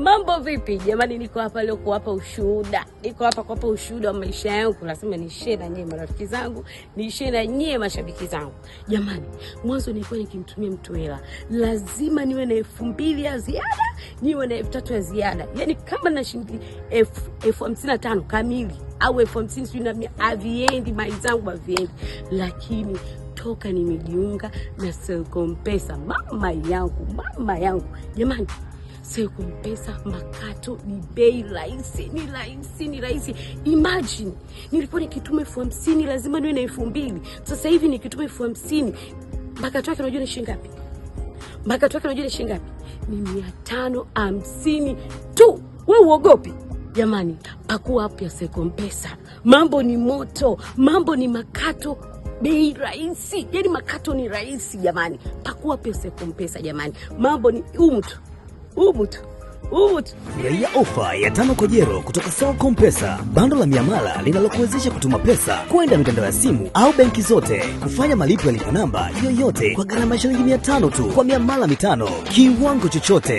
Mambo vipi jamani, niko hapa leo kuwapa ushuhuda, niko hapa kuwapa ushuhuda wa maisha yangu. Lazima share na nyie marafiki zangu, ni share na nyie mashabiki zangu. Jamani, mwanzo nilikuwa nikimtumia mtu hela, lazima niwe na elfu mbili ya ziada, niwe na elfu tatu ya ziada, yaani kama na shilingi elfu hamsini na tano kamili au elfu hamsini sijui na mia, haviendi mali zangu haviendi, lakini toka nimejiunga na Selcom Pesa, mama yangu, mama yangu jamani sio kumpesa makato ni bei rahisi, ni rahisi, ni rahisi. Imagine nilikuwa nikituma elfu hamsini lazima niwe na elfu mbili sasa hivi nikituma elfu hamsini makato yake unajua ni shilingi ngapi? Makato yake unajua ni shilingi ngapi? Ni mia tano hamsini tu. We uogopi jamani? Pakua app ya sekompesa mambo ni moto, mambo ni makato bei rahisi, yani makato ni rahisi jamani. Pakua app ya Selcom jamani, mambo ni umtu Ubutu Ubutu. Raia ofa ya tano kwa jero kutoka Selcom Pesa, bando la miamala linalokuwezesha kutuma pesa kwenda mitandao ya simu au benki zote, kufanya malipo ya lipa namba yoyote kwa gharama ya shilingi mia tano tu kwa miamala mitano, kiwango chochote.